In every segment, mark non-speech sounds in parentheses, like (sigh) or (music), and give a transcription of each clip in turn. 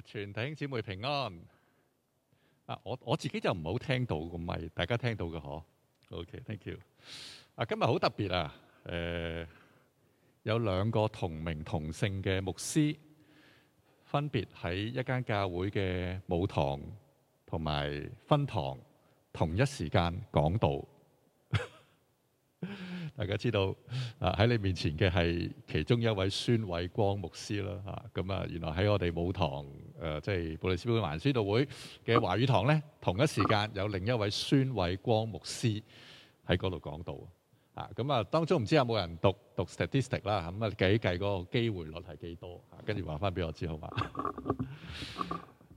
全體弟兄姊妹平安啊！我我自己就唔好聽到個咪，大家聽到嘅嗬。OK，thank you。啊，今日好特別啊！誒，有兩個同名同姓嘅牧師，分別喺一間教會嘅母堂同埋分堂同一時間講道。大家知道，啊喺你面前嘅係其中一位孫偉光牧師啦，嚇咁啊，原來喺我哋母堂，誒即係布里斯本華人宣道會嘅華語堂咧，同一時間有另一位孫偉光牧師喺嗰度講道。啊咁啊，當中唔知有冇人讀讀 statistic 啦，咁啊計一計嗰個機會率係幾多，跟住話翻俾我知好嘛？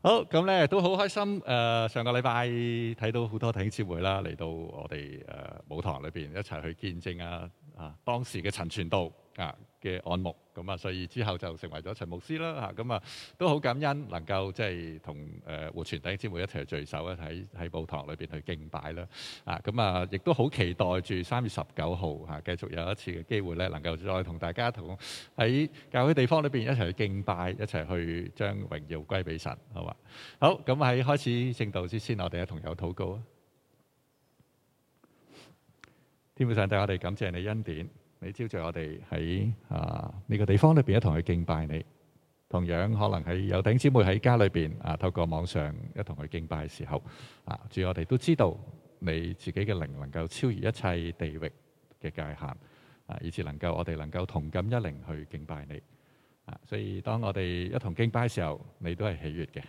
好，咁咧，都好開心。誒、呃、上個禮拜睇到好多弟兄姊妹啦，嚟到我哋誒母堂裏邊一齊去見證啊，啊當時嘅陳傳道啊嘅案目。咁啊，所以之後就成為咗陳牧師啦，嚇咁啊，都好感恩能夠即係同誒活泉弟兄姊妹一齊聚首咧，喺喺教堂裏邊去敬拜啦，啊咁啊，亦都好期待住三月十九號嚇繼續有一次嘅機會咧，能夠再同大家同喺教會地方裏邊一齊去敬拜，一齊去將榮耀歸俾神，好嘛？好，咁喺開始聖道之前，我哋一同有禱告啊！天父上帝，我哋感謝你恩典。你招聚我哋喺啊呢，這個地方裏邊一同去敬拜你，同樣可能喺有弟兄姊妹喺家裏邊啊，透過網上一同去敬拜嘅時候，啊，主我哋都知道你自己嘅靈能夠超越一切地域嘅界限啊，以至能夠我哋能夠同感一靈去敬拜你啊，所以當我哋一同敬拜嘅時候，你都係喜悅嘅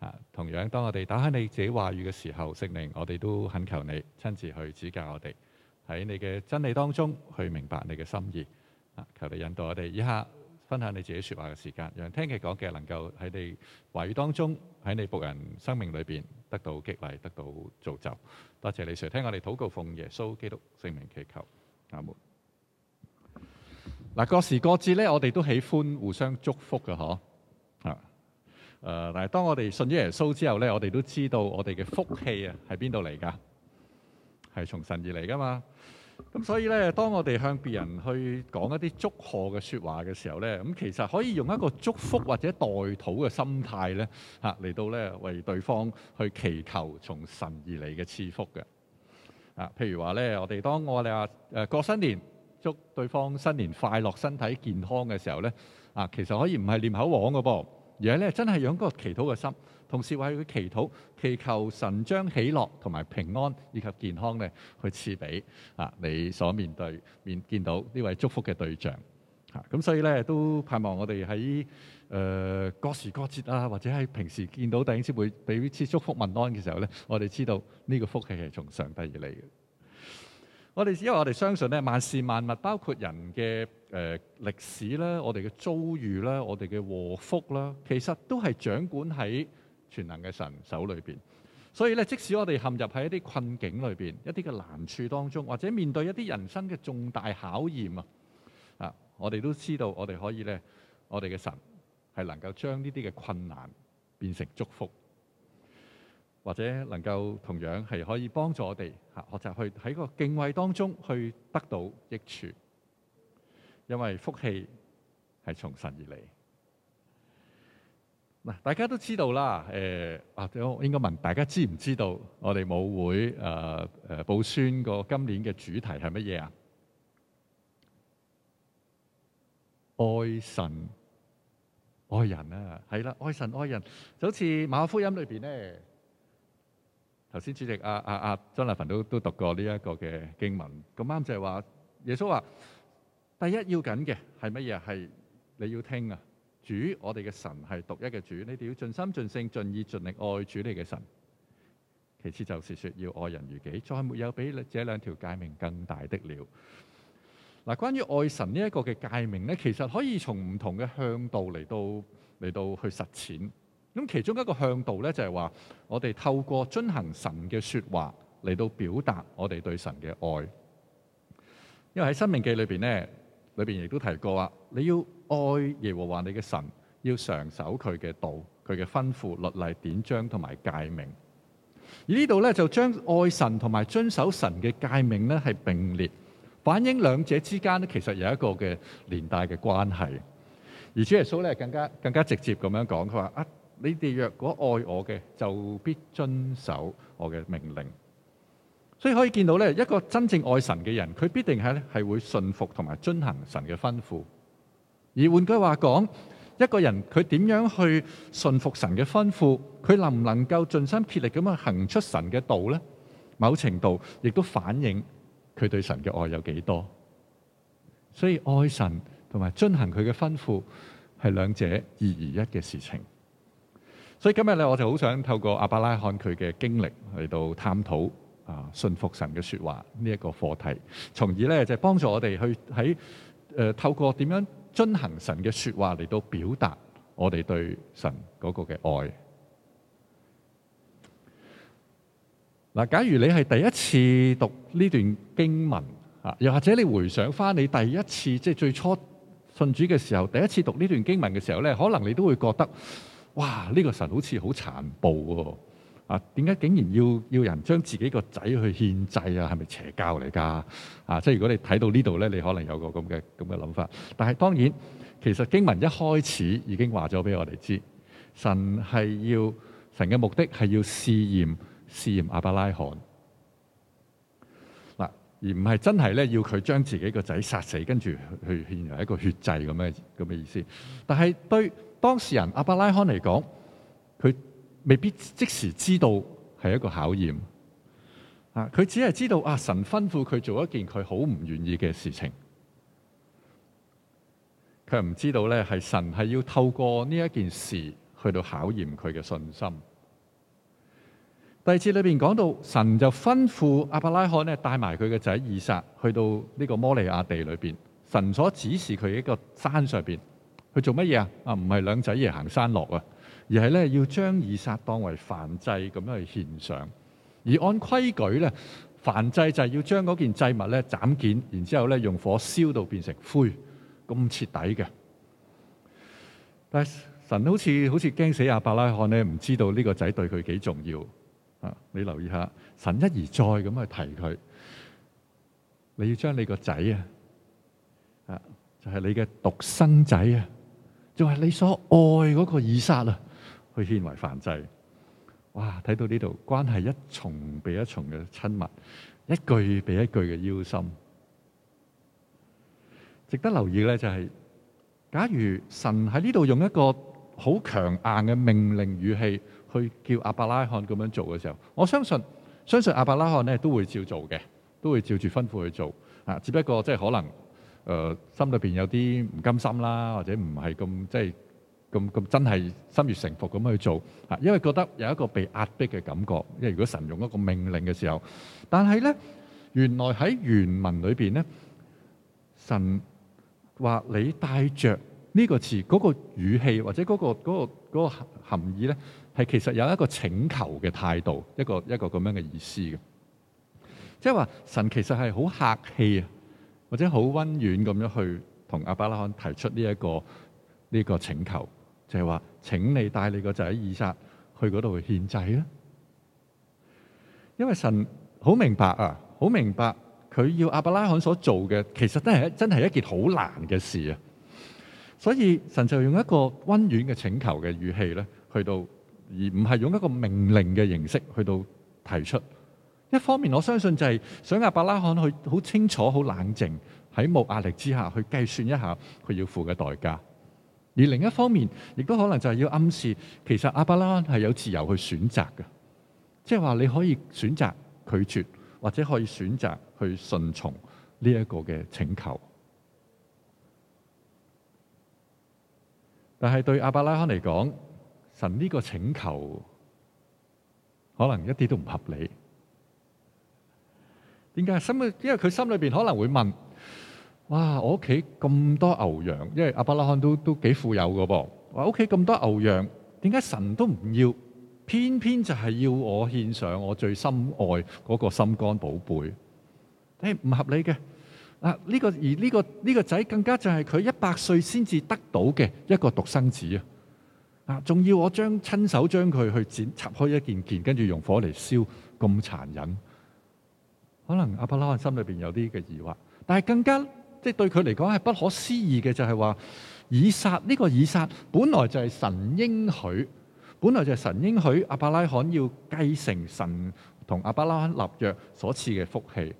啊，同樣當我哋打開你自己話語嘅時候，聖靈我哋都懇求你親自去指教我哋。喺你嘅真理當中去明白你嘅心意啊！求你引導我哋以下分享你自己說話嘅時間，讓聽佢講嘅能夠喺你話語當中，喺你僕人生命裏邊得到激勵，得到造就。多謝你神，Sir, 聽我哋禱告，奉耶穌基督聖名祈求，阿門。嗱，各時各節咧，我哋都喜歡互相祝福嘅，嗬啊誒，但係當我哋信咗耶穌之後咧，我哋都知道我哋嘅福氣啊喺邊度嚟噶。係從神而嚟㗎嘛。咁所以咧，當我哋向別人去講一啲祝賀嘅説話嘅時候咧，咁其實可以用一個祝福或者代禱嘅心態咧，嚇，嚟到咧，為對方去祈求從神而嚟嘅賜福嘅啊。譬如話咧，我哋當我哋話誒過新年，祝對方新年快樂、身體健康嘅時候咧啊，其實可以唔係念口簧嘅噃。嘢咧，而真係用嗰個祈禱嘅心，同時為佢祈禱，祈求神將喜樂同埋平安以及健康咧，去賜俾啊你所面對面見到呢位祝福嘅對象。嚇，咁所以咧，都盼望我哋喺誒各時各節啊，或者喺平時見到弟兄姊妹俾啲祝福問安嘅時候咧，我哋知道呢個福氣係從上帝而嚟嘅。我哋因為我哋相信咧，萬事萬物包括人嘅。誒，歷史咧，我哋嘅遭遇啦，我哋嘅禍福啦，其實都係掌管喺全能嘅神手裏邊。所以咧，即使我哋陷入喺一啲困境裏邊，一啲嘅難處當中，或者面對一啲人生嘅重大考驗啊，啊，我哋都知道我，我哋可以咧，我哋嘅神係能夠將呢啲嘅困難變成祝福，或者能夠同樣係可以幫助我哋吓，學習去喺個敬畏當中去得到益處。因為福氣係從神而嚟嗱，大家都知道啦。誒、呃、啊，我應該問大家知唔知道我哋母會、呃呃、保誒宣個今年嘅主題係乜嘢啊？愛神愛人啊，係啦，愛神愛人就好似馬福音裏面咧。頭先主席阿啊啊張、啊、立凡都都讀過呢一個嘅經文咁啱就係話耶穌話。第一要緊嘅係乜嘢？係你要聽啊！主，我哋嘅神係獨一嘅主，你哋要盡心、盡性、盡意、盡力愛主，你嘅神。其次就是說要愛人如己，再沒有比這兩條誡命更大的了。嗱，關於愛神呢一個嘅誡命咧，其實可以從唔同嘅向度嚟到嚟到去實踐。咁其中一個向度咧，就係話我哋透過遵行神嘅説話嚟到表達我哋對神嘅愛，因為喺申命記裏邊咧。裏邊亦都提過啊，你要愛耶和華你嘅神，要常守佢嘅道、佢嘅吩咐、律例、典章同埋誡命。而呢度咧就將愛神同埋遵守神嘅誡命咧係並列，反映兩者之間咧其實有一個嘅連帶嘅關係。而主耶穌咧更加更加直接咁樣講，佢話啊，你哋若果愛我嘅，就必遵守我嘅命令。所以可以見到咧，一個真正愛神嘅人，佢必定係咧係會信服同埋遵行神嘅吩咐。而換句話講，一個人佢點樣去信服神嘅吩咐，佢能唔能夠盡心竭力咁行出神嘅道呢？某程度亦都反映佢對神嘅愛有幾多。所以愛神同埋遵行佢嘅吩咐係兩者二而一嘅事情。所以今日咧，我就好想透過亞伯拉罕佢嘅經歷嚟到探討。啊！信服神嘅說話呢一、這個課題，從而咧就係、幫助我哋去喺誒、呃、透過點樣遵行神嘅說話嚟到表達我哋對神嗰個嘅愛。嗱、啊，假如你係第一次讀呢段經文啊，又或者你回想翻你第一次即係、就是、最初信主嘅時候，第一次讀呢段經文嘅時候咧，可能你都會覺得哇！呢、這個神好似好殘暴、喎。啊！點解竟然要要人將自己個仔去獻祭啊？係咪邪教嚟㗎？啊！即係如果你睇到呢度咧，你可能有個咁嘅咁嘅諗法。但係當然，其實經文一開始已經話咗俾我哋知，神係要，神嘅目的係要試驗試驗亞伯拉罕嗱、啊，而唔係真係咧要佢將自己個仔殺死，跟住去獻為一個血祭咁嘅咁嘅意思。但係對當事人亞伯拉罕嚟講，佢。未必即時知道係一個考驗，他啊！佢只係知道啊，神吩咐佢做一件佢好唔願意嘅事情，佢唔知道咧係神係要透過呢一件事去到考驗佢嘅信心。第二節裏邊講到，神就吩咐亞伯拉罕咧帶埋佢嘅仔以撒去到呢個摩利亞地裏邊，神所指示佢一個山上邊，去做乜嘢啊？啊，唔係兩仔爺行山落啊！而係咧，要將以撒當為燔祭咁樣去獻上，而按規矩咧，燔祭就係要將嗰件祭物咧斬件，然之後咧用火燒到變成灰，咁徹底嘅。但係神好似好似驚死亞伯拉罕咧，唔知道呢個仔對佢幾重要啊！你留意下，神一而再咁去提佢，你要將你個仔啊，啊就係你嘅獨生仔啊，就係你所愛嗰個以撒啦。去獻為燔祭，哇！睇到呢度關係一重比一重嘅親密，一句比一句嘅腰心。值得留意咧，就係假如神喺呢度用一個好強硬嘅命令語氣去叫亞伯拉罕咁樣做嘅時候，我相信，相信亞伯拉罕咧都會照做嘅，都會照住吩咐去做。啊，只不過即係可能，誒心裏邊有啲唔甘心啦，或者唔係咁即係。咁咁真係心悦誠服咁樣去做，嚇，因為覺得有一個被壓迫嘅感覺。因為如果神用一個命令嘅時候，但係咧，原來喺原文裏邊咧，神話你帶著呢個詞嗰、那個語氣，或者嗰、那個嗰、那個那個含義咧，係其實有一個請求嘅態度，一個一個咁樣嘅意思嘅。即係話神其實係好客氣啊，或者好溫婉咁樣去同亞伯拉罕提出呢、這、一個呢、這個請求。就係話請你帶你個仔以撒去嗰度去獻祭啦，因為神好明白啊，好明白佢要亞伯拉罕所做嘅其實都係真係一件好難嘅事啊，所以神就用一個溫婉嘅請求嘅語氣咧，去到而唔係用一個命令嘅形式去到提出。一方面我相信就係、是、想亞伯拉罕去好清楚、好冷靜喺冇壓力之下，去計算一下佢要付嘅代價。而另一方面，亦都可能就係要暗示，其實亞伯拉罕係有自由去選擇嘅，即係話你可以選擇拒絕，或者可以選擇去順從呢一個嘅請求。但係對亞伯拉罕嚟講，神呢個請求可能一啲都唔合理。點解？心因為佢心裏邊可能會問。哇！我屋企咁多牛羊，因為亞伯拉罕都都幾富有噶噃。我屋企咁多牛羊，點解神都唔要？偏偏就係要我獻上我最心愛嗰個心肝寶貝。誒、哎、唔合理嘅嗱，呢、這個而呢、這個呢、這個仔更加就係佢一百歲先至得到嘅一個獨生子啊！啊，仲要我將親手將佢去剪拆開一件件，跟住用火嚟燒，咁殘忍。可能亞伯拉罕心裏邊有啲嘅疑惑，但係更加。即係對佢嚟講係不可思議嘅，就係話以撒呢個以撒，本來就係神應許，本來就係神應許亞伯拉罕要繼承神同亞伯拉罕立約所賜嘅福氣，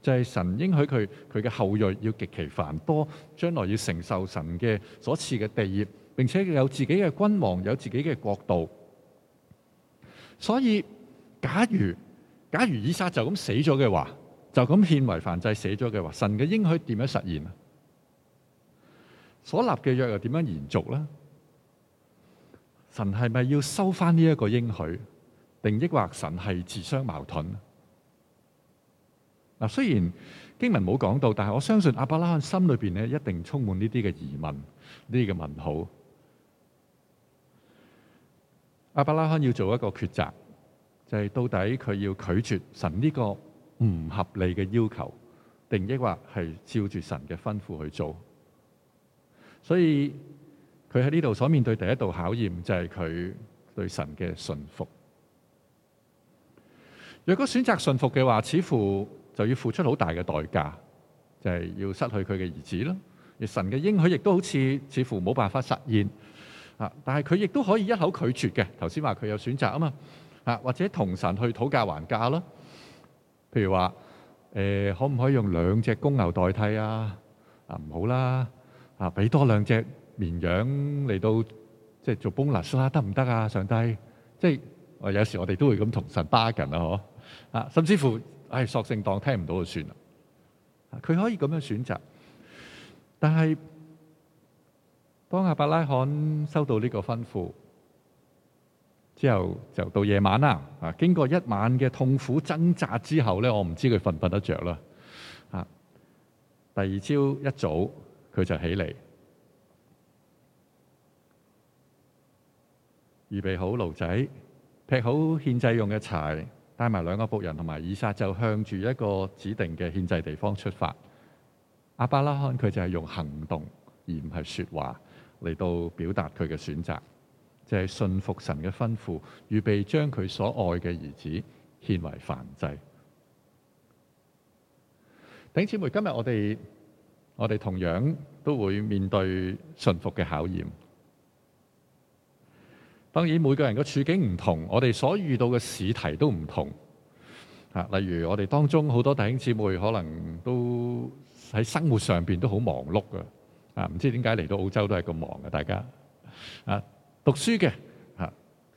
就係神應許佢佢嘅後裔要極其繁多，將來要承受神嘅所賜嘅地業，並且有自己嘅君王，有自己嘅國度。所以假如假如以撒就咁死咗嘅話，就咁獻為凡制寫咗嘅話，神嘅應許點樣實現啊？所立嘅約又點樣延續呢？神係咪要收翻呢一個應許，定抑或神係自相矛盾？嗱，雖然經文冇講到，但係我相信亞伯拉罕心裏面咧一定充滿呢啲嘅疑問、呢啲嘅問號。亞伯拉罕要做一個抉擇，就係、是、到底佢要拒絕神呢、這個？唔合理嘅要求，定抑或係照住神嘅吩咐去做。所以佢喺呢度所面對第一道考驗就係佢對神嘅信服。若果選擇信服嘅話，似乎就要付出好大嘅代價，就係要失去佢嘅兒子咯。而神嘅應許亦都好似似乎冇辦法實現啊！但係佢亦都可以一口拒絕嘅。頭先話佢有選擇啊嘛啊，或者同神去討價還價咯。譬如話，誒、呃、可唔可以用兩隻公牛代替啊？啊唔好啦，啊俾多兩隻綿羊嚟到，即係做 bonus 啦、啊，得唔得啊？上帝，即係我有時我哋都會咁同神 bargain 啦、啊，嗬啊，甚至乎唉、哎、索性當聽唔到就算啦。佢、啊、可以咁樣選擇，但係當阿伯拉罕收到呢個吩咐。之後就到夜晚啦，啊！經過一晚嘅痛苦掙扎之後咧，我唔知佢瞓唔瞓得着啦，啊！第二朝一早佢就起嚟，預備好爐仔，劈好獻祭用嘅柴，帶埋兩個僕人同埋以撒，就向住一個指定嘅獻祭地方出發。亞伯拉罕佢就係用行動而唔係説話嚟到表達佢嘅選擇。就係信服神嘅吩咐，預備將佢所愛嘅兒子獻為燔祭。弟兄姊妹，今日我哋我哋同樣都會面對信服嘅考驗。當然，每個人嘅處境唔同，我哋所遇到嘅試題都唔同啊。例如，我哋當中好多弟兄姊妹可能都喺生活上面都好忙碌㗎。啊，唔知點解嚟到澳洲都係咁忙嘅，大家啊。讀書嘅嚇，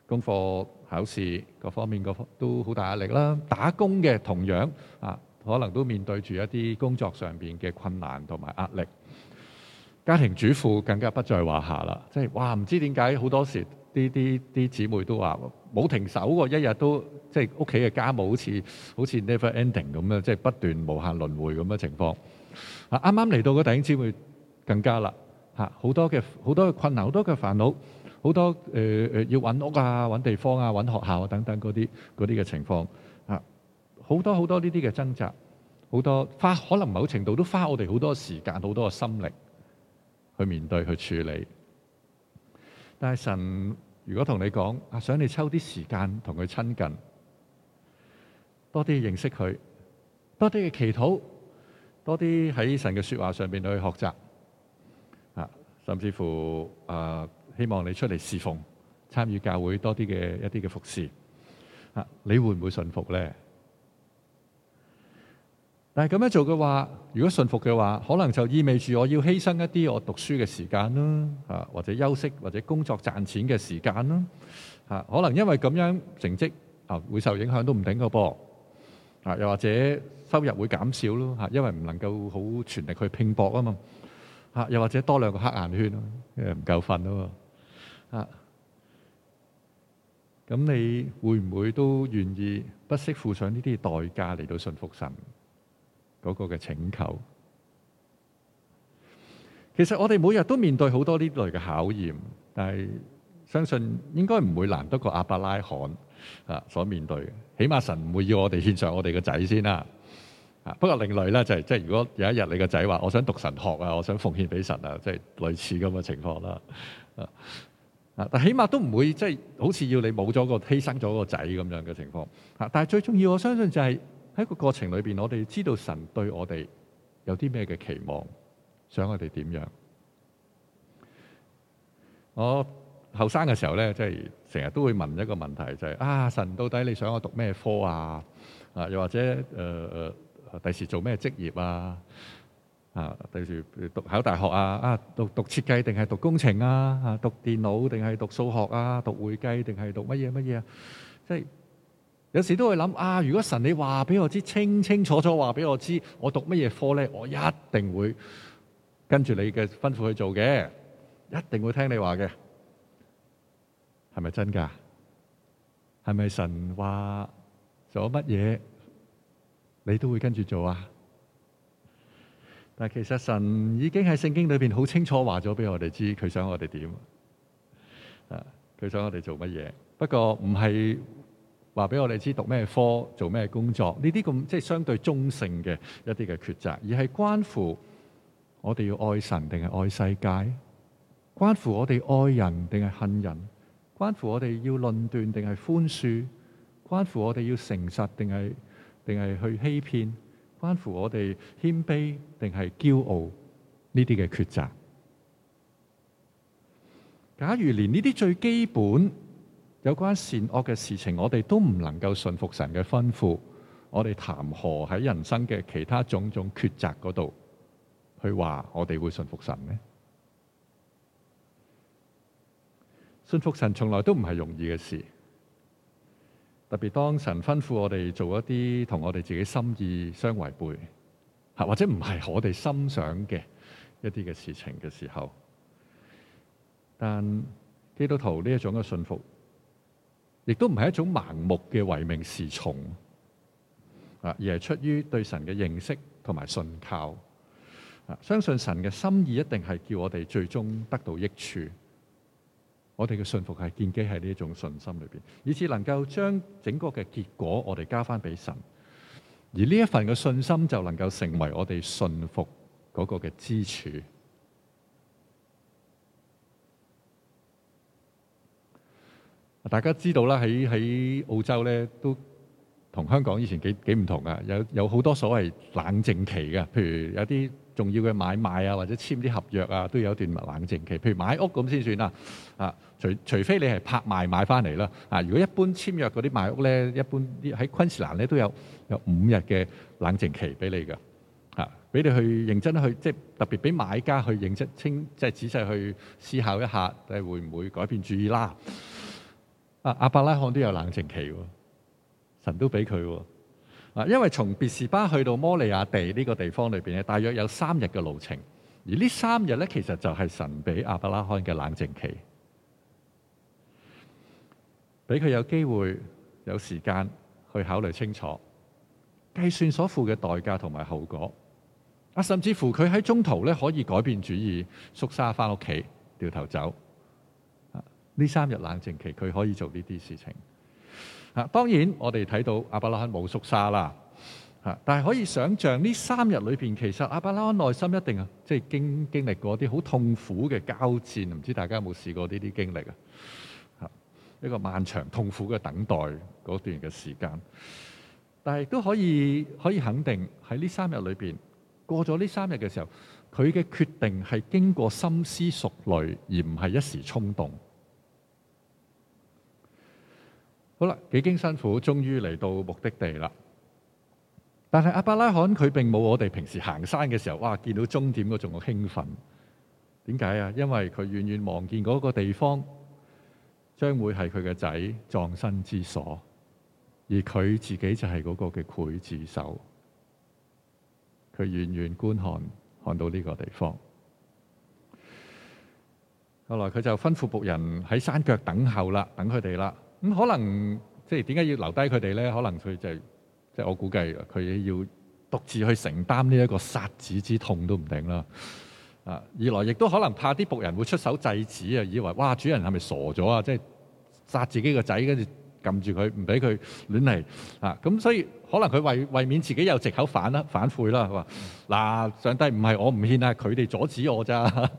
功課考試各方面，各方面都好大壓力啦。打工嘅同樣啊，可能都面對住一啲工作上邊嘅困難同埋壓力。家庭主婦更加不在話下啦，即係哇唔知點解好多時啲啲啲姊妹都話冇停手喎，一日都即係屋企嘅家務好似好似 never ending 咁樣，即係不斷無限輪迴咁嘅情況。啊，啱啱嚟到嘅弟兄姊妹更加啦嚇，好多嘅好多嘅困難，好多嘅煩惱。好多誒誒、呃，要揾屋啊，揾地方啊，揾學校啊，等等嗰啲嗰啲嘅情況啊，好多好多呢啲嘅掙扎，好多花，可能某程度都花我哋好多時間、好多嘅心力去面對去處理。但係神如果同你講啊，想你抽啲時間同佢親近，多啲認識佢，多啲嘅祈禱，多啲喺神嘅説話上邊去學習啊，甚至乎啊。希望你出嚟侍奉、參與教會多啲嘅一啲嘅服侍，啊，你會唔會信服咧？但係咁樣做嘅話，如果信服嘅話，可能就意味住我要犧牲一啲我讀書嘅時間咯，啊，或者休息，或者工作賺錢嘅時間咯，啊，可能因為咁樣成績啊會受影響都唔定嘅噃。啊，又或者收入會減少咯，嚇，因為唔能夠好全力去拼搏啊嘛。嚇，又或者多兩個黑眼圈，因為唔夠瞓啊嘛。啊！咁你會唔會都願意不惜付上呢啲代價嚟到順服神嗰個嘅請求？其實我哋每日都面對好多呢類嘅考驗，但係相信應該唔會難得過亞伯拉罕啊所面對嘅。起碼神唔會要我哋獻上我哋嘅仔先啦。啊，不過另類咧就係即係如果有一日你個仔話我想讀神學啊，我想奉獻俾神啊，即係類似咁嘅情況啦。啊！啊！但起碼都唔會即係好似要你冇咗個犧牲咗個仔咁樣嘅情況。啊！但係最重要，我相信就係喺個過程裏邊，我哋知道神對我哋有啲咩嘅期望，想我哋點樣？我後生嘅時候咧，即係成日都會問一個問題，就係啊，神到底你想我讀咩科啊？啊，又或者誒誒第時做咩職業啊？啊，例如讀考大學啊，啊讀讀設計定係讀工程啊，啊讀電腦定係讀數學啊，讀會計定係讀乜嘢乜嘢啊？即係有時都會諗啊，如果神你話俾我知清清楚楚，話俾我知我讀乜嘢科咧，我一定會跟住你嘅吩咐去做嘅，一定會聽你話嘅，係咪真噶？係咪神話做乜嘢，你都會跟住做啊？但其實神已經喺聖經裏邊好清楚話咗俾我哋知，佢想我哋點啊？佢想我哋做乜嘢？不過唔係話俾我哋知讀咩科、做咩工作呢啲咁即係相對中性嘅一啲嘅抉擇，而係關乎我哋要愛神定係愛世界，關乎我哋愛人定係恨人，關乎我哋要論斷定係寬恕，關乎我哋要誠實定係定係去欺騙。關乎我哋謙卑定係驕傲呢啲嘅抉擇。假如連呢啲最基本有關善惡嘅事情，我哋都唔能夠信服神嘅吩咐，我哋談何喺人生嘅其他種種抉擇嗰度去話我哋會信服神呢？信服神從來都唔係容易嘅事。特別當神吩咐我哋做一啲同我哋自己心意相違背，吓或者唔係我哋心想嘅一啲嘅事情嘅時候，但基督徒呢一種嘅信服，亦都唔係一種盲目嘅唯命是從，啊，而係出於對神嘅認識同埋信靠，啊，相信神嘅心意一定係叫我哋最終得到益處。我哋嘅信服係建基喺呢一種信心裏邊，以至能夠將整個嘅結果，我哋加翻俾神。而呢一份嘅信心，就能夠成為我哋信服嗰個嘅支柱。大家知道啦，喺喺澳洲咧，都同香港以前幾幾唔同噶，有有好多所謂冷靜期嘅，譬如有啲重要嘅買賣啊，或者簽啲合約啊，都有一段冷靜期。譬如買屋咁先算啦，啊，除除非你係拍賣買翻嚟啦，啊，如果一般簽約嗰啲買屋咧，一般喺昆士蘭咧都有有五日嘅冷靜期俾你㗎，啊，俾你去認真去即係特別俾買家去認真清即係仔細去思考一下，你會唔會改變主意啦？啊，阿伯拉罕都有冷靜期喎，神都俾佢喎。因為從別士巴去到摩利亞地呢個地方裏面，咧，大約有三日嘅路程，而呢三日咧，其實就係神俾阿伯拉罕嘅冷靜期，俾佢有機會有時間去考慮清楚，計算所付嘅代價同埋後果，啊，甚至乎佢喺中途咧可以改變主意，縮沙翻屋企，掉頭走，呢三日冷靜期佢可以做呢啲事情。啊，當然我哋睇到阿伯拉罕冇縮沙啦，嚇！但係可以想像呢三日裏邊，其實阿伯拉罕內心一定啊，即係經經歷過啲好痛苦嘅交戰，唔知道大家有冇試過呢啲經歷啊？嚇！一個漫長痛苦嘅等待嗰段嘅時間，但係都可以可以肯定喺呢三日裏邊，過咗呢三日嘅時候，佢嘅決定係經過深思熟慮而唔係一時衝動。好啦，幾經辛苦，終於嚟到目的地啦。但係阿伯拉罕佢並冇我哋平時行山嘅時候，哇！見到終點嗰種嘅興奮。點解啊？因為佢遠遠望見嗰個地方將會係佢嘅仔葬身之所，而佢自己就係嗰個嘅劊子手。佢遠遠觀看，看到呢個地方。後來佢就吩咐僕人喺山腳等候啦，等佢哋啦。咁可能即係點解要留低佢哋咧？可能佢就即係我估計，佢要獨自去承擔呢一個殺子之痛都唔定啦。啊，二來亦都可能怕啲仆人會出手制止啊，以為哇主人係咪傻咗啊？即係殺自己個仔，跟住撳住佢，唔俾佢亂嚟啊！咁所以可能佢為為免自己有藉口反啦、反悔啦，話嗱、嗯、上帝唔係我唔獻啊，佢哋阻止我咋。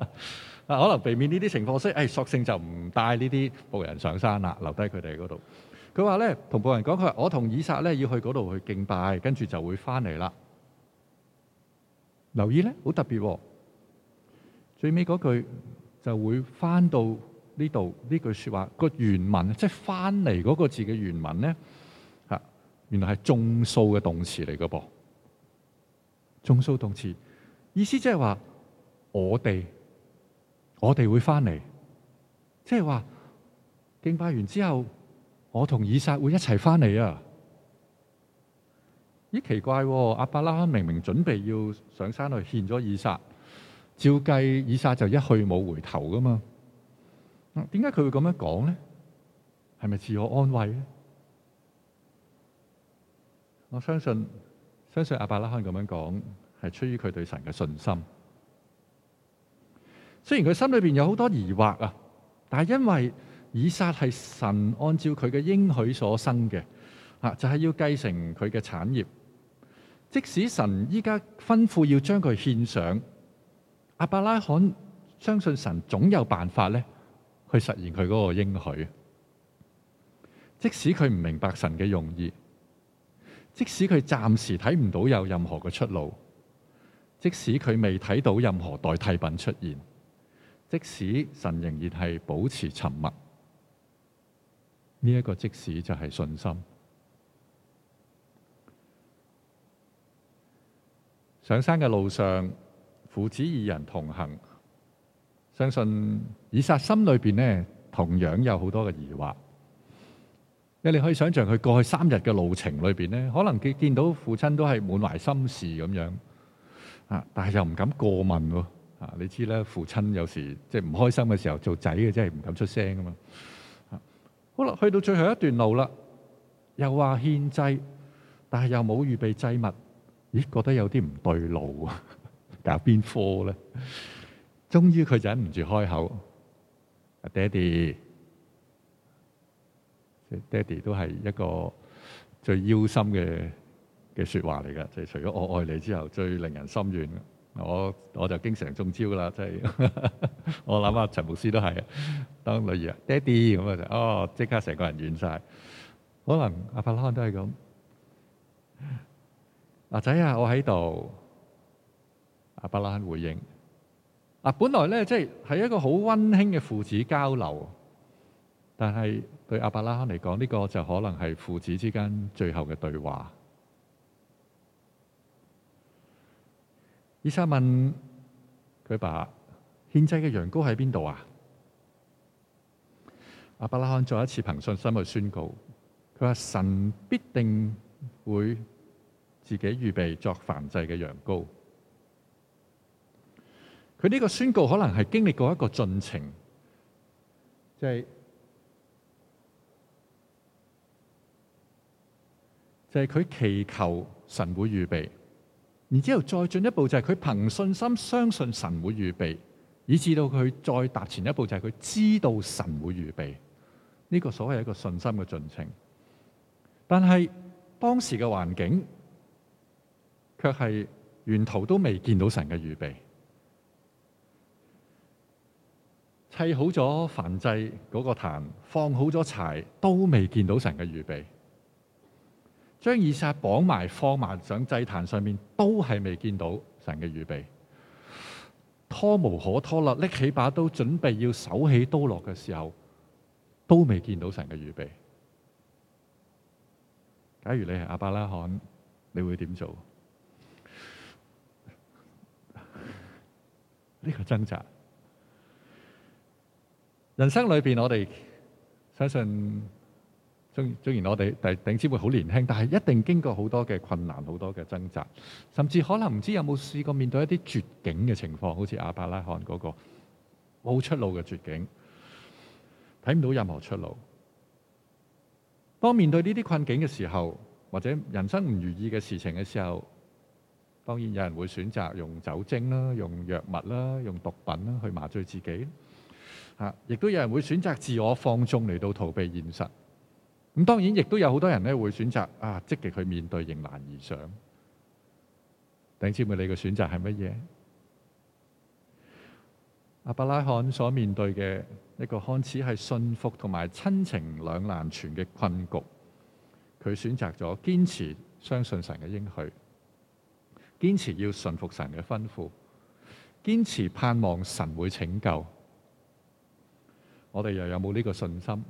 啊，可能避免呢啲情況，所以、哎、索性就唔帶呢啲僕人上山啦，留低佢哋嗰度。佢話咧，同僕人講：佢話我同以撒咧要去嗰度去敬拜，跟住就會翻嚟啦。留意咧，好特別、哦，最尾嗰句就會翻到呢度呢句説話個原文，即係翻嚟嗰個字嘅原文咧嚇，原來係眾數嘅動詞嚟嘅噃，眾數動詞意思即係話我哋。我哋會翻嚟，即係話敬拜完之後，我同以撒會一齊翻嚟啊！咦，奇怪喎，亞伯拉罕明明準備要上山去獻咗以撒，照計以撒就一去冇回頭噶嘛？點解佢會咁樣講咧？係咪自我安慰咧？我相信，相信亞伯拉罕咁樣講，係出於佢對神嘅信心。雖然佢心裏邊有好多疑惑啊，但係因為以撒係神按照佢嘅應許所生嘅，啊，就係、是、要繼承佢嘅產業。即使神依家吩咐要將佢獻上，阿伯拉罕相信神總有辦法咧去實現佢嗰個應許。即使佢唔明白神嘅用意，即使佢暫時睇唔到有任何嘅出路，即使佢未睇到任何代替品出現。即使神仍然係保持沉默，呢一個即使就係信心。上山嘅路上，父子二人同行，相信以撒心裏邊咧同樣有好多嘅疑惑。因為你你可以想象佢過去三日嘅路程裏邊咧，可能佢見到父親都係滿懷心事咁樣，啊！但係又唔敢過問喎。啊，你知啦，父親有時即係唔開心嘅時候，做仔嘅真係唔敢出聲噶嘛。好啦，去到最後一段路啦，又話獻祭，但係又冇預備祭物，咦？覺得有啲唔對路啊！搞邊科咧？終於佢忍唔住開口：阿爹哋，爹哋都係一個最腰心嘅嘅説話嚟㗎，就係、是、除咗我愛你之後，最令人心軟。我我就經常中招啦，即係 (laughs) 我諗啊，陳牧師都係當女兒，爹哋咁啊，就哦，即刻成個人軟晒。可能阿伯拉罕都係咁，阿仔啊，仔我喺度，阿伯拉罕回應啊，本來咧即係一個好溫馨嘅父子交流，但係對阿伯拉罕嚟講，呢、呢個就可能係父子之間最後嘅對話。以撒問佢爸獻祭嘅羊羔喺邊度啊？阿伯拉罕再一次憑信心去宣告，佢話神必定會自己預備作燔祭嘅羊羔。佢呢個宣告可能係經歷過一個進程，就係、是、就係、是、佢祈求神會預備。然之後再進一步就係佢憑信心相信神會預備以至到佢再踏前一步就係佢知道神會預備呢個所謂一個信心嘅進程。但係當時嘅環境，卻係沿途都未見到神嘅預備，砌好咗焚祭嗰個壇，放好咗柴，都未見到神嘅預備。將以撒綁埋放埋上祭壇上面，都係未見到神嘅預備。拖無可拖啦，拎起把刀準備要手起刀落嘅時候，都未見到神嘅預備。假如你係亞伯拉罕，你會點做？呢、這個掙扎，人生裏邊我哋相信。中，雖然我哋頂頂會好年輕，但係一定經過好多嘅困難，好多嘅掙扎，甚至可能唔知有冇試過面對一啲絕境嘅情況，好似亞伯拉罕嗰個冇出路嘅絕境，睇唔到任何出路。當面對呢啲困境嘅時候，或者人生唔如意嘅事情嘅時候，當然有人會選擇用酒精啦、用藥物啦、用毒品啦去麻醉自己。嚇，亦都有人會選擇自我放縱嚟到逃避現實。咁當然，亦都有好多人咧會選擇啊積極去面對，迎難而上。弟姊妹，你嘅選擇係乜嘢？阿伯拉罕所面對嘅一個看似係信服同埋親情兩難全嘅困局，佢選擇咗堅持相信神嘅應許，堅持要順服神嘅吩咐，堅持盼望神會拯救。我哋又有冇呢個信心？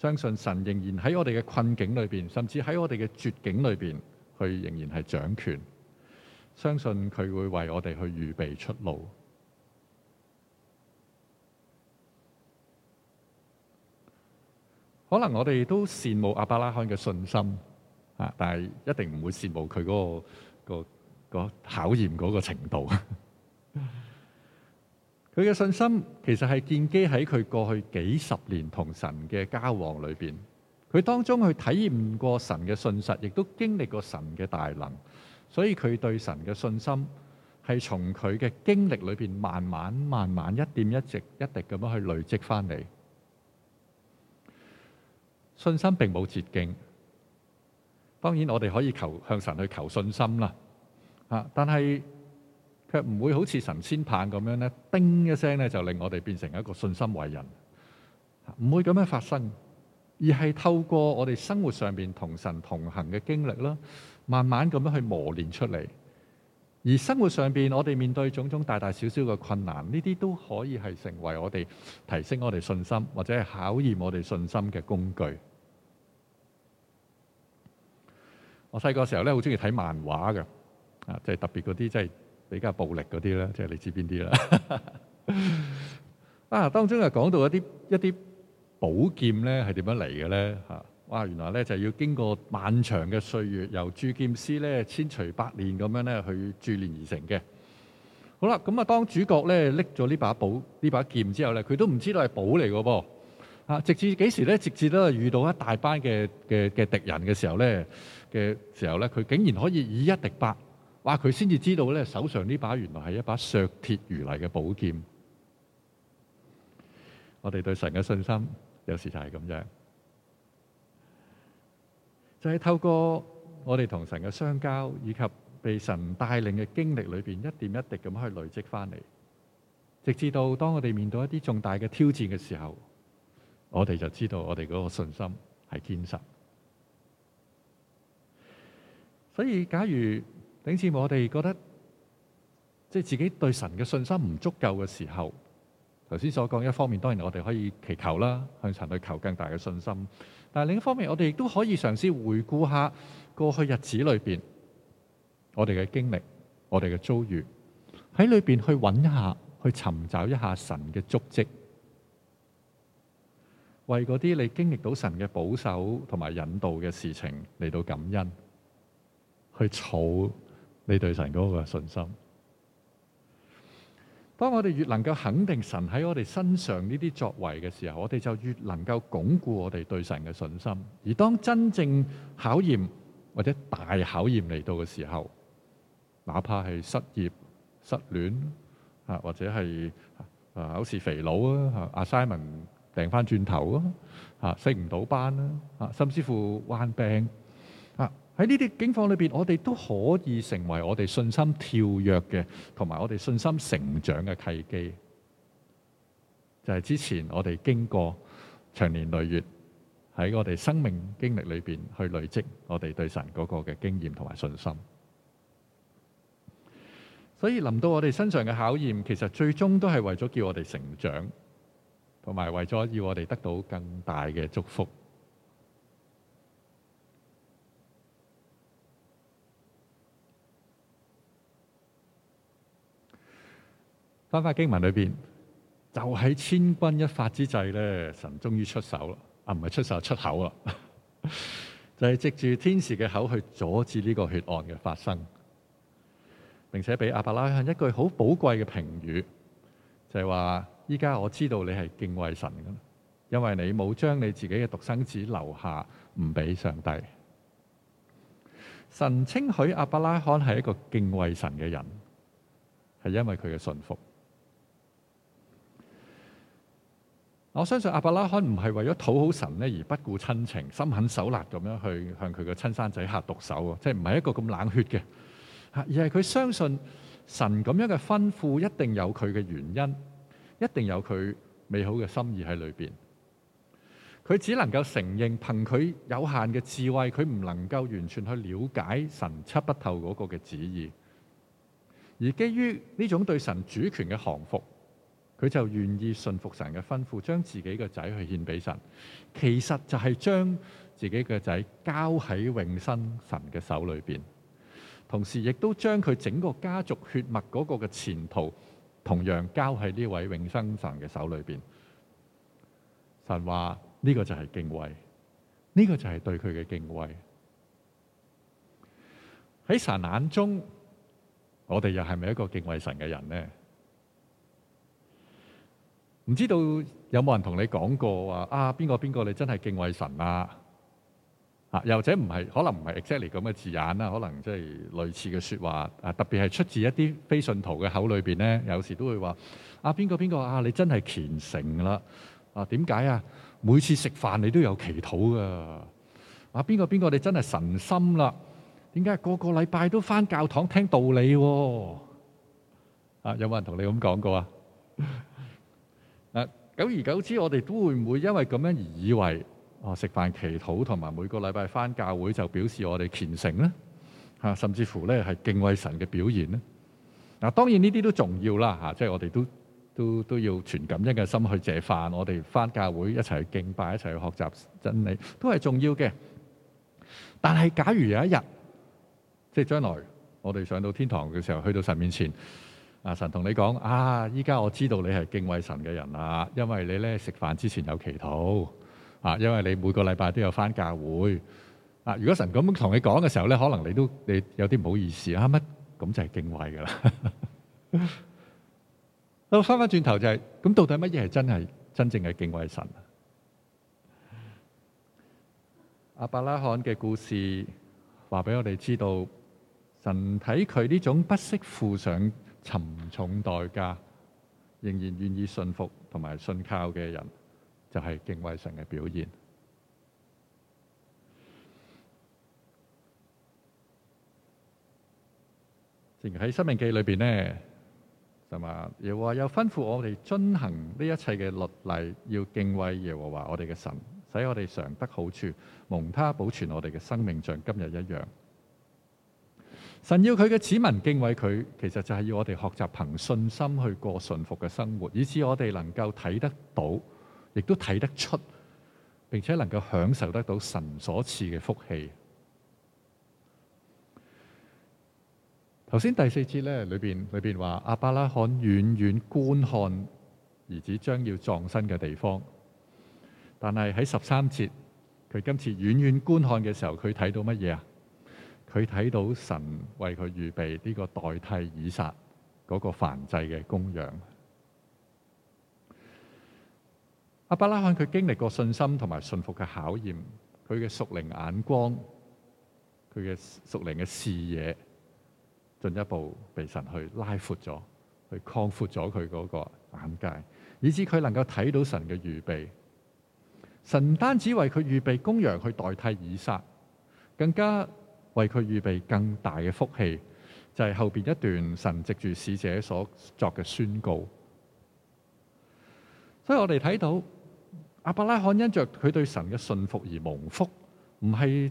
相信神仍然喺我哋嘅困境裏邊，甚至喺我哋嘅絕境裏邊，佢仍然係掌權，相信佢會為我哋去預備出路。可能我哋都羨慕亞伯拉罕嘅信心啊，但係一定唔會羨慕佢嗰個，嗰個嗰個嗰個考驗嗰個程度。佢嘅信心其實係建基喺佢過去幾十年同神嘅交往裏邊，佢當中去體驗過神嘅信實，亦都經歷過神嘅大能，所以佢對神嘅信心係從佢嘅經歷裏邊慢慢、慢慢、一點、一滴、一滴咁樣去累積翻嚟。信心並冇捷徑，當然我哋可以求向神去求信心啦，但係。卻唔會好似神仙棒咁樣咧，叮一聲咧就令我哋變成一個信心偉人，唔會咁樣發生，而係透過我哋生活上邊同神同行嘅經歷啦，慢慢咁樣去磨練出嚟。而生活上邊我哋面對種種大大小小嘅困難，呢啲都可以係成為我哋提升我哋信心或者係考驗我哋信心嘅工具。我細個時候咧，好鍾意睇漫畫嘅，啊，即係特別嗰啲即係。比較暴力嗰啲啦，即係你知邊啲啦。 (laughs) 啊，當中又講到一啲一啲寶劍咧，係點樣嚟嘅咧？嚇哇！原來咧就係、是、要經過漫長嘅歲月，由鑄劍師咧千錘百煉咁樣咧去鑄煉而成嘅。好啦，咁啊，當主角咧拎咗呢了這把寶呢把劍之後咧，佢都唔知道係寶嚟嘅噃啊！直至幾時咧？直至都係遇到一大班嘅嘅嘅敵人嘅時候咧嘅時候咧，佢竟然可以以一敵百。哇！佢先至知道咧，手上呢把原來係一把削鐵如泥嘅寶劍。我哋對神嘅信心有時就係咁樣，就係透過我哋同神嘅相交，以及被神帶領嘅經歷裏邊，一點一滴咁去累積翻嚟，直至到當我哋面對一啲重大嘅挑戰嘅時候，我哋就知道我哋嗰個信心係堅實。所以假如，頂次我哋覺得，即係自己對神嘅信心唔足夠嘅時候，頭先所講一方面當然我哋可以祈求啦，向神去求更大嘅信心。但係另一方面，我哋亦都可以嘗試回顧下過去日子裏邊我哋嘅經歷，我哋嘅遭遇，喺裏邊去揾一下，去尋找一下神嘅足跡，為嗰啲你經歷到神嘅保守同埋引導嘅事情嚟到感恩，去儲。你對神嗰個信心，當我哋越能夠肯定神喺我哋身上呢啲作為嘅時候，我哋就越能夠鞏固我哋對神嘅信心。而當真正考驗或者大考驗嚟到嘅時候，哪怕係失業、失戀啊，或者係、呃、啊，好似肥佬啊，assignment 掟翻轉頭啊，升唔到班啦，啊，甚至乎患病。喺呢啲境況裏邊，我哋都可以成為我哋信心跳躍嘅，同埋我哋信心成長嘅契機。就係之前我哋經過長年累月喺我哋生命經歷裏邊去累積我哋對神嗰個嘅經驗同埋信心。所以臨到我哋身上嘅考驗，其實最終都係為咗叫我哋成長，同埋為咗要我哋得到更大嘅祝福。翻返經文裏面，就喺、是、千軍一發之際咧，神終於出手啦。啊，唔係出手，出口啦， (laughs) 就係藉住天使嘅口去阻止呢個血案嘅發生，並且俾亞伯拉罕一句好寶貴嘅評語，就係、是、話：依家我知道你係敬畏神嘅，因為你冇將你自己嘅獨生子留下唔俾上帝。神稱許亞伯拉罕係一個敬畏神嘅人，係因為佢嘅信服。我相信阿伯拉罕唔係為咗討好神咧而不顧親情、心狠手辣咁樣去向佢嘅親生仔下毒手，即係唔係一個咁冷血嘅，而係佢相信神咁樣嘅吩咐一定有佢嘅原因，一定有佢美好嘅心意喺裏邊。佢只能夠承認憑佢有限嘅智慧，佢唔能夠完全去了解神測不透嗰個嘅旨意，而基於呢種對神主權嘅降服。佢就願意順服神嘅吩咐，將自己嘅仔去獻俾神，其實就係將自己嘅仔交喺永生神嘅手裏邊，同時亦都將佢整個家族血脈嗰個嘅前途，同樣交喺呢位永生神嘅手裏邊。神話呢個就係敬畏，呢個就係對佢嘅敬畏。喺神眼中，我哋又係咪一個敬畏神嘅人呢？唔知道有冇人同你講過話啊？邊個邊個你真係敬畏神啊？啊，又或者唔係，可能唔係 exactly 咁嘅字眼啦，可能即係類似嘅説話啊。特別係出自一啲非信徒嘅口裏邊咧，有時都會話啊，邊個邊個啊，你真係虔誠啦啊？點解啊？每次食飯你都有祈禱噶啊？邊個邊個你真係神心啦？點解個個禮拜都翻教堂聽道理喎？啊，啊？啊，有冇人同你咁講過啊？嗱，久而久之，我哋都會唔會因為咁樣而以為，哦，食飯祈禱同埋每個禮拜翻教會就表示我哋虔誠呢？吓，甚至乎咧係敬畏神嘅表現呢？嗱，當然呢啲都重要啦，嚇，即係我哋都都都要全感恩嘅心去謝飯，我哋翻教會一齊敬拜，一齊去學習真理，都係重要嘅。但係假如有一日，即係將來我哋上到天堂嘅時候，去到神面前。神跟你說啊！神同你講啊，依家我知道你係敬畏神嘅人啦，因為你咧食飯之前有祈禱啊，因為你每個禮拜都有翻教會啊。如果神咁同你講嘅時候咧，可能你都你有啲唔好意思啊。乜咁就係敬畏噶啦？咁翻翻轉頭就係、是、咁，到底乜嘢係真係真正嘅敬畏神啊？阿伯拉罕嘅故事話俾我哋知道，神睇佢呢種不惜付上沉重代價，仍然願意信服同埋信靠嘅人，就係、是、敬畏神嘅表現。正如喺申命記裏邊呢，就話耶和華又吩咐我哋遵行呢一切嘅律例，要敬畏耶和華我哋嘅神，使我哋常得好處，蒙他保存我哋嘅生命，像今日一樣。神要佢嘅子民敬畏佢，其實就係要我哋學習憑信心去過順服嘅生活，以至我哋能夠睇得到，亦都睇得出，並且能夠享受得到神所賜嘅福氣。頭先第四節咧，裏邊裏邊話亞伯拉罕遠遠觀看兒子將要葬身嘅地方，但係喺十三節，佢今次遠遠觀看嘅時候，佢睇到乜嘢啊？佢睇到神為佢預備呢個代替以撒嗰個燔祭嘅公羊，阿伯拉罕佢經歷過信心同埋信服嘅考驗，佢嘅屬靈眼光，佢嘅屬靈嘅視野，進一步被神去拉闊咗，去擴闊咗佢嗰個眼界，以至佢能夠睇到神嘅預備。神唔單止為佢預備公羊去代替以撒，更加為佢預備更大嘅福氣，就係後邊一段神藉住使者所作嘅宣告。所以我哋睇到亞伯拉罕因着佢對神嘅信服而蒙福，唔係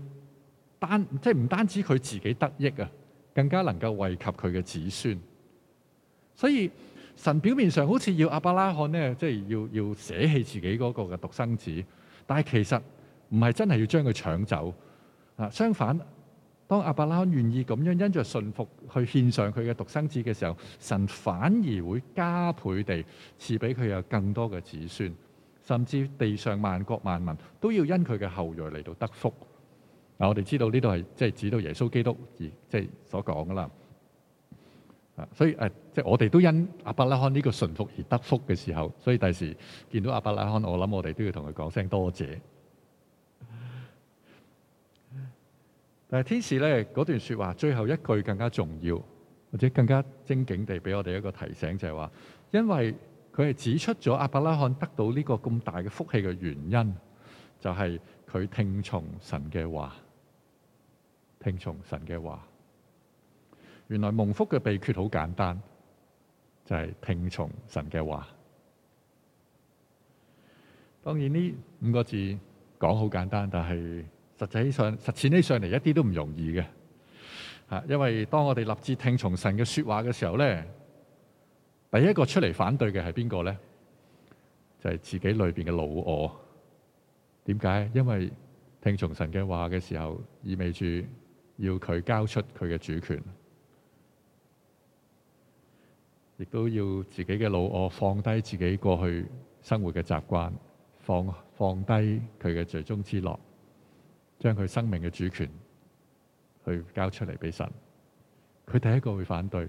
單即係唔單止佢自己得益啊，更加能夠惠及佢嘅子孫。所以神表面上好似要亞伯拉罕咧，即係要要捨棄自己嗰個嘅獨生子，但係其實唔係真係要將佢搶走啊。相反。當亞伯拉罕願意咁樣因着信服去獻上佢嘅獨生子嘅時候，神反而會加倍地賜畀佢有更多嘅子孫，甚至地上萬國萬民都要因佢嘅後裔嚟到得福。嗱，我哋知道呢度係即係指到耶穌基督而即係所講㗎喇。所以誒，即係、呃、就是、我哋都因亞伯拉罕呢個信服而得福嘅時候，所以第時見到亞伯拉罕，我諗我哋都要同佢講聲多謝。但係天使咧，嗰段說話最後一句更加重要，或者更加精警地俾我哋一個提醒，就係話，因為佢係指出咗阿伯拉罕得到呢個咁大嘅福氣嘅原因，就係佢聽從神嘅話，聽從神嘅話。原來蒙福嘅秘訣好簡單，就係聽從神嘅話。當然呢五個字講好簡單，但係，實際上實踐起上嚟一啲都唔容易嘅嚇，因為當我哋立志聽從神嘅説話嘅時候咧，第一個出嚟反對嘅係邊個咧？就係、是、自己裏邊嘅老我。點解？因為聽從神嘅話嘅時候，意味住要佢交出佢嘅主權，亦都要自己嘅老我放低自己過去生活嘅習慣，放放低佢嘅罪中之樂。將佢生命嘅主權去交出嚟俾神，佢第一個會反對。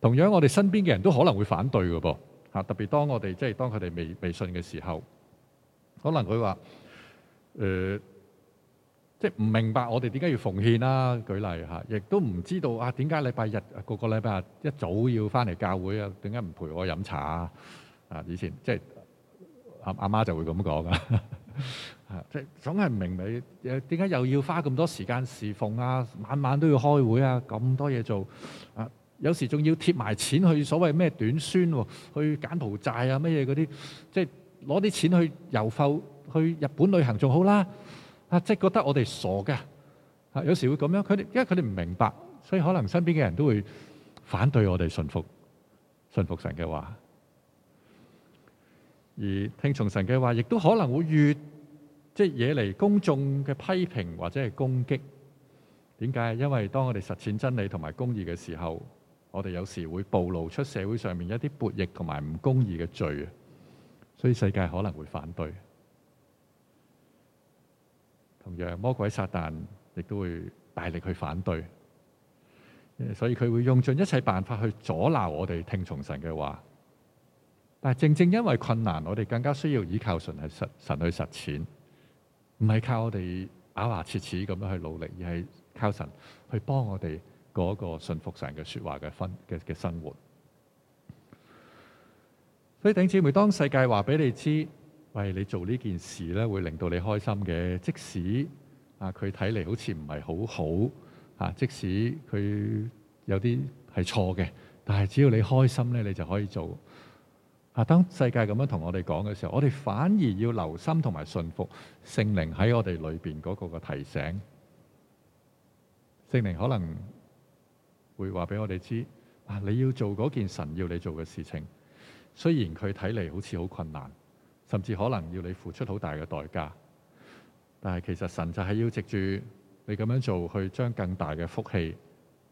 同樣，我哋身邊嘅人都可能會反對嘅噃，吓，特別當我哋即係當佢哋未未信嘅時候，可能佢話誒，即係唔明白我哋點解要奉獻啦，啊。舉例吓，亦都唔知道啊，點解禮拜日個個禮拜日一早要翻嚟教會啊？點解唔陪我飲茶啊？啊，以前即係阿阿媽就會咁講㗎。呵呵啊！即係總係唔明你誒，點解又要花咁多時間侍奉啊？晚晚都要開會啊，咁多嘢做啊，有時仲要貼埋錢去所謂咩短宣，去柬埔寨啊，乜嘢嗰啲，即係攞啲錢去遊浮去日本旅行好，仲好啦啊！即係覺得我哋傻嘅啊，有時會咁樣。佢哋因為佢哋唔明白，所以可能身邊嘅人都會反對我哋信服信服神嘅話，而聽從神嘅話，亦都可能會越。即係惹嚟公眾嘅批評或者係攻擊，點解？因為當我哋實踐真理同埋公義嘅時候，我哋有時會暴露出社會上面一啲叛逆同埋唔公義嘅罪啊，所以世界可能會反對，同樣魔鬼撒旦亦都會大力去反對，所以佢會用盡一切辦法去阻撓我哋聽從神嘅話。但正正因為困難，我哋更加需要依靠神去實神去實踐。唔係靠我哋咬牙切齒咁樣去努力，而係靠神去幫我哋過一個信服神嘅説話嘅分嘅嘅生活。所以頂姐妹，當世界話俾你知，喂，你做呢件事咧，會令到你開心嘅。即使啊，佢睇嚟好似唔係好好嚇，即使佢有啲係錯嘅，但係只要你開心咧，你就可以做。啊！當世界咁樣同我哋講嘅時候，我哋反而要留心同埋信服聖靈喺我哋裏邊嗰個提醒。聖靈可能會話俾我哋知：啊，你要做嗰件神要你做嘅事情。雖然佢睇嚟好似好困難，甚至可能要你付出好大嘅代價，但係其實神就係要藉住你咁樣做，去將更大嘅福氣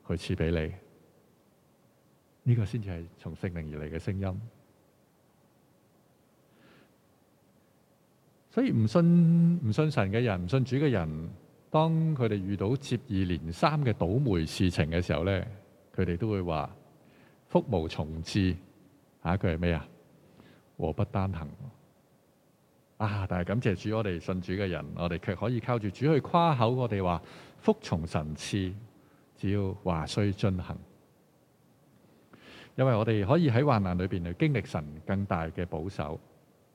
去賜俾你。呢個先至係從聖靈而嚟嘅聲音。所以唔信唔信神嘅人，唔信主嘅人，當佢哋遇到接二連三嘅倒霉事情嘅時候咧，佢哋都會話福無從至。下一句係咩啊？禍不單行。啊！但係感謝主，我哋信主嘅人，我哋卻可以靠住主去誇口我，我哋話福從神賜，只要話須遵行。因為我哋可以喺患難裏邊去經歷神更大嘅保守。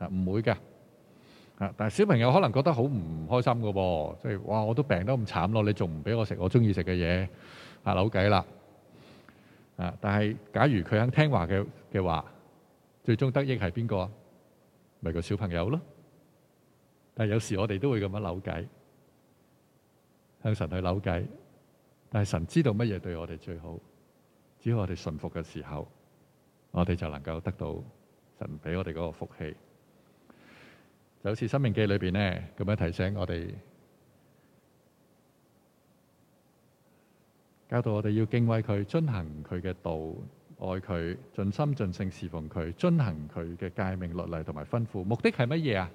啊，唔會嘅啊！但係小朋友可能覺得好唔開心嘅噃，即係哇！我都病得咁慘咯，你仲唔俾我食我中意食嘅嘢？啊，扭計啦！啊，但係假如佢肯聽話嘅嘅話，最終得益係邊個？咪個小朋友咯。但係有時我哋都會咁樣扭計，向神去扭計。但係神知道乜嘢對我哋最好，只要我哋順服嘅時候，我哋就能夠得到神俾我哋嗰個福氣。就好似《申命記》裏邊呢，咁樣提醒我哋，教導我哋要敬畏佢，遵行佢嘅道，愛佢，盡心盡性侍奉佢，遵行佢嘅誡命、律例同埋吩咐。目的係乜嘢啊？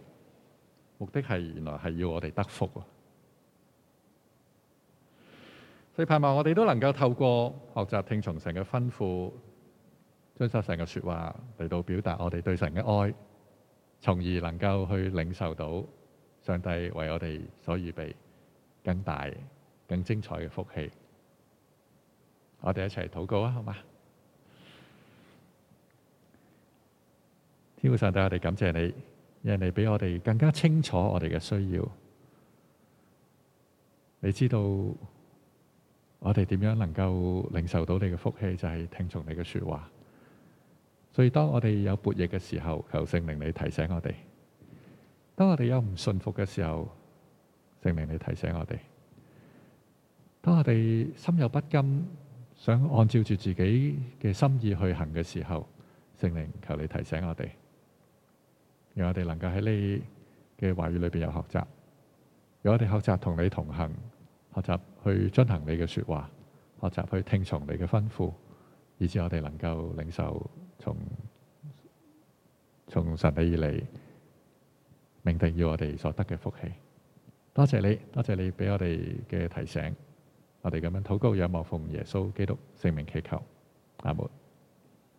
目的係原來係要我哋得福啊。所以盼望我哋都能夠透過學習聽從神嘅吩咐，遵守神嘅說話嚟到表達我哋對神嘅愛。從而能夠去領受到上帝為我哋所預備更大、更精彩嘅福氣。我哋一齊禱告啊，好嗎？天父上帝，我哋感謝你，願你俾我哋更加清楚我哋嘅需要。你知道我哋點樣能夠領受到你嘅福氣，就係聽從你嘅說話。所以，當我哋有悖逆嘅時候，求聖靈你提醒我哋；當我哋有唔信服嘅時候，聖靈你提醒我哋；當我哋心有不甘，想按照住自己嘅心意去行嘅時候，聖靈求你提醒我哋，讓我哋能夠喺你嘅話語裏面有學習，讓我哋學習同你同行，學習去遵行你嘅說話，學習去聽從你嘅吩咐，以致我哋能夠領受。從從神哋以嚟，命定要我哋所得嘅福氣，多謝你，多謝你俾我哋嘅提醒，我哋咁樣禱告仰望，奉耶穌基督聖名祈求，阿門。